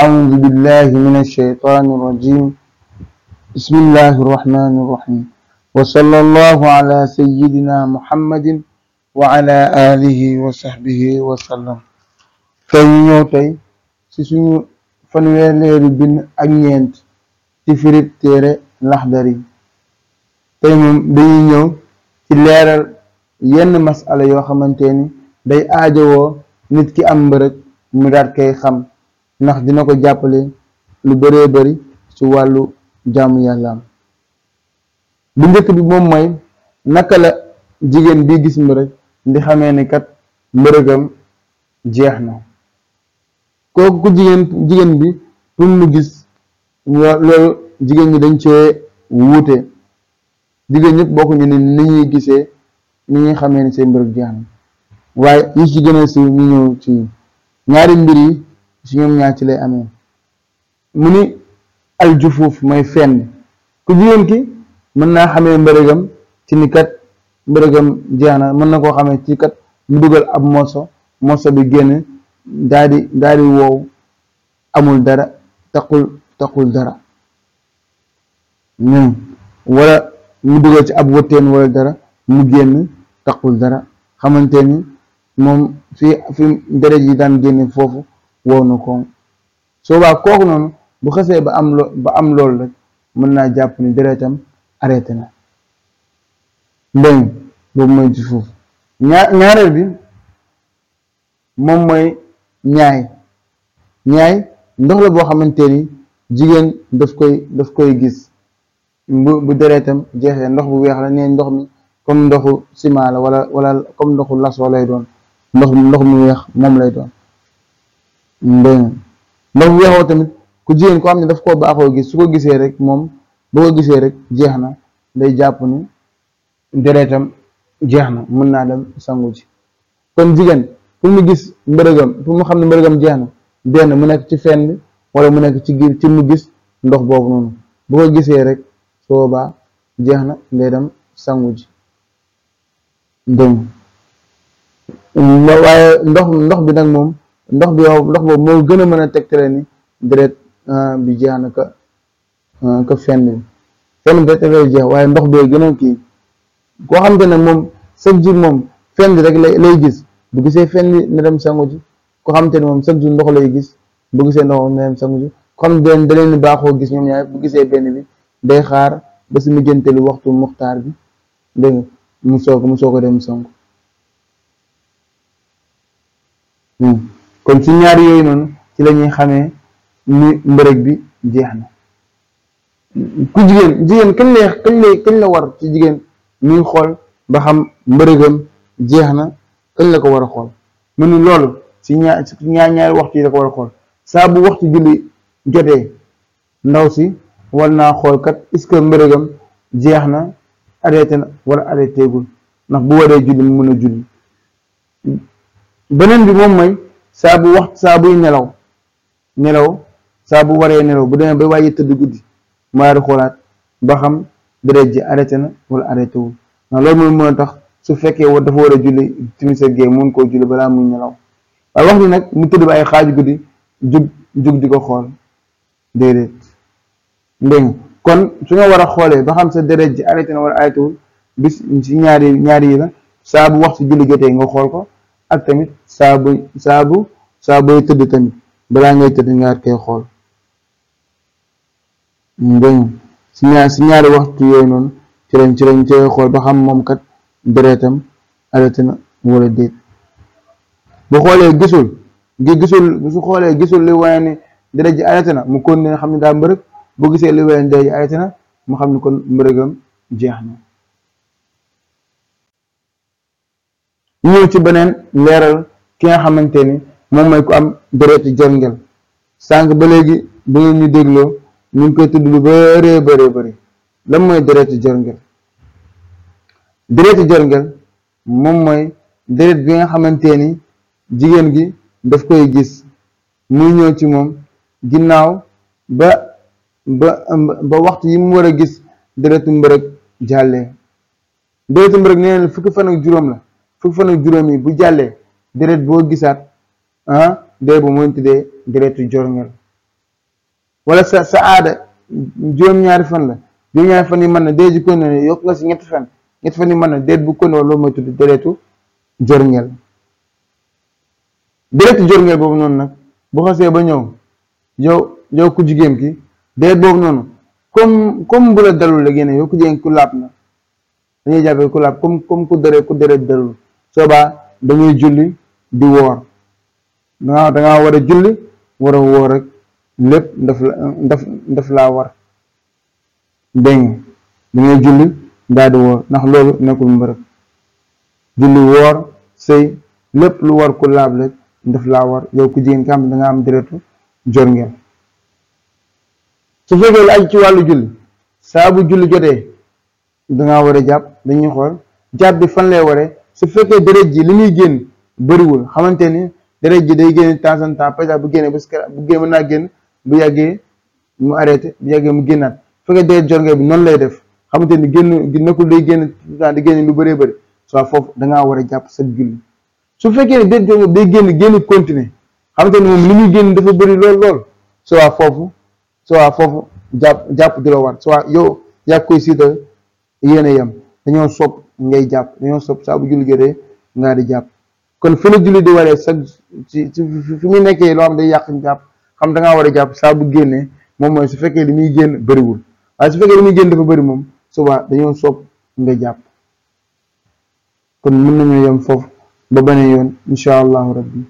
أعوذ بالله من الشيطان الرجيم بسم الله الرحمن الرحيم وصلى الله على سيدنا محمد وعلى آله وصحبه وسلم tey ñu ñëw tey ci suñu fanweeri bind ak ñeent ci firib téere Laxdari tey moom dañuy ñëw ci leeral yenn masala yoo xamante ni day aajowoo nit ki am mbërëg mu daat koy xam ndax dina ko jàppale lu bëree bari ci wàllu jàmm yàllaam bu njëkk bi moom mooy naka la jigéen bi gis mbërëg di xamee ni kat mbërëgam jeex na kooku jigéen jigéen bi pour mu gis loolu jigéen ñi dañ cee wuute jigéen ñëpp bokkuñu ni ni ñuy gisee ni ñuy xamee ni seen mbërëg jeex na waaye ñi ci gën a si ñu ñëw ci ñaari mbir yi si ñoom ñaar ci lay amee mu ni aljufuuf mooy fenn ku jigéen ki mën naa xamee mbërëgam ci ni kat mbërëgam jeex na mën na koo xamee ci kat mu dugal ab moso moso bi génn daa daadi daa amul dara taqul taqul dara ñun hmm. wala mu ci ab wëtteen wala dara mu génn taqul dara xamante ni moom fi fi deret yi daan génne foofu wow na koŋ soobaa kooku noonu bu xasee ba am am loolu rek mën naa jàpp ni deretam arrêté na dégg boobu mooy ci suuf ñaa ñaareel bi moom mooy ñaay ñaay ndox la boo xamante ni jigéen daf koy daf koy gis bu bu deretam jeexee ndox bu weex la nee ndox mi comme ndoxu ciment la wala wala comme ndoxu lasoo lay doon ndox ndox mu weex moom lay doon dégg nga ndax weexoo tamit ku jigéen koo xam ne daf koo baaxoo gis su ko gisee rek moom boo ko gisee rek jeex na day jàpp ni deretam jeex na mën naa dem sangu ci kon jigéen pour mu gis mbërëgam pour xam ne mbërëgam jeex benn mu nekk ci fenn bi wala mu nekk ci giir ci mu gis ndox boobu noonu boo ko gisee rek soo baa jeex na day dem sangu ji dégg ndox ndox bi nag moom ndox bi yow ndox boobu moo gën a mën a tegtale ni deret ah, bi jeex na ka ah, ka fenn bi fenn bi rek jeex waaye ndox bee gën a kii koo xam te ne moom chaque jour moom fenn rek lay lay gis bu gisee fenn na dem sangu ji koo xam ne moom chaque jour ndox lay gis bu gisee ndox moom na dem sangu ji koo xam te ne baaxoo gis ñoom ñaar bu gisee benn bi day xaar ba si mujjanteelu waxtu muxtaar bi dégg nga mu soog mu soog a dem sangu hmm. kon ci ñaar yooyu noonu ci lañuy ñuy xamee ni mbërëg bi jeex na ku jigéen jigéen kañ lay la war ci jigéen muy xool ba xam mbërëgam jeex na kañ la ko war a xool mu ni loolu ci ñaar ci ñaar ñaari waxtu yi la war a xool saa bu waxtu julli jotee ndaw si war naa xool kat est-ce jeex na arrêté na wala arrêté gul ndax bu waree julli mu mën a julli beneen bi moom mooy saa bu wax saa buy nelaw nelaw saa bu waree nelaw bu demee ba waaye tëdd guddi mu daal di xoolaat ba xam deret ji arrêté na wala arrêté wul ndax loolu mooy mën a tax su fekkee wa dafa war a julli timis ak gee mun koo julli balaa muy nelaw waaye wax ni nag mu tëdd ba ay xaaju guddi jug jug di ko xool déedéet dégg kon su nga war a xoolee ba xam sa deret ji arrêté na wala arrêté wul bis ci ñaari ñaari yi la saa bu waxtu julli jotee nga xool ko ak tamit saabu booy saa bu tëdd tamit balaa ngay tëdd nga koy xool dégg si ñaar si ñaari waxtu yooyu noonu ci lañ ci lañ cay xool ba xam moom kat deretam arrêté na wala déet bu xoolee gisul gi gisul su xoolee gisul li waaye ne deret ji arrêté na mu kon ne xam ne daa mbërëg bu gisee li waaye ne deret ji arrêté na mu xam ne kon mbërëgam jeex na ñëw ci beneen leeral ki nga xamante ni moom mooy ku am deretu jorngel sànq ba léegi bu ngeen ñu dégloo ñu ngi koy tudd lu bëree bëree bëri lan mooy deretu jorngel deretu jorngel moom mooy deret bi nga xamante ni jigéen gi daf koy gis muy ñëw ci moom ginnaaw ba ba ba waxtu yi mu war a gis deretu mbërëg jàllee deretu mbërëg nee na fukki fan ak juróom la fukki fan ak juróom yi bu jàllee deret boo gisaat ah dee bu mooy tuddee deretu jorngel wala sa sa aada juróom-ñaari fan la juróom-ñaari fan yi man na dee ji kon ne yokk nga si ñetti fan ñetti fan yi man na déet bu kon loolu mooy tudd deretu jorngel deretu jorngel boobu noonu nag bu xasee ba ñëw yow yow ku jigéen ki deet boobu noonu comme comme bu la dalul la génne yow ku jigéen ku laab na dañuy jàppee ku laab comme comme ku dere ku deret soobaa dañuy julli di woor danga danga war a julli war a woor ak lépp ndaf la ndaf ndaf laa war dégg nga dangay julli daal di woor ndax loolu nekkul mbërëb julli woor sëy lépp lu war ku laab rek ndaf laa war yow ku jigéen ka danga am deretu jor ngeen su fekkee lu aju ci wàllu julli saa bu julli jotee danga war a jàpp dañuy xool jàpp bi fan lay waree su fekkee deret ji li muy génn bëriwul xamante ni deret ji day génn temps en temps par exemple bu génnee bu génn mën naa génn bu yàggee mu arrêté bu yàggee mu génnaat su fekkee deret jorngee bi noonu lay def xamante ni génn nekkul day génn di génn lu bëree bëri soit foofu dangaa war a jàpp sa julli su fekkee ne deret jorngee day génn génn continuer xamante ni moom li muy génn dafa bëri lool lool soit foofu soit foofu jàpp jàpp du la war yow yaa koy siital yéen a yem dañoo ngay jàpp dañoo sopp saabu bu julli jotee ngaa di jàpp kon fi la julli di waree sa ci fi muy nekkee loo xam day yàq jàpp xam dangaa war a jàpp saabu bu génnee moom mooy su fekkee li muy génn bariwul waaye su fekkee li muy génn dafa bari moom suba dañoo sopp nga jàpp kon mën nañu yem foofu ba beneen yoon incha allahu rabbi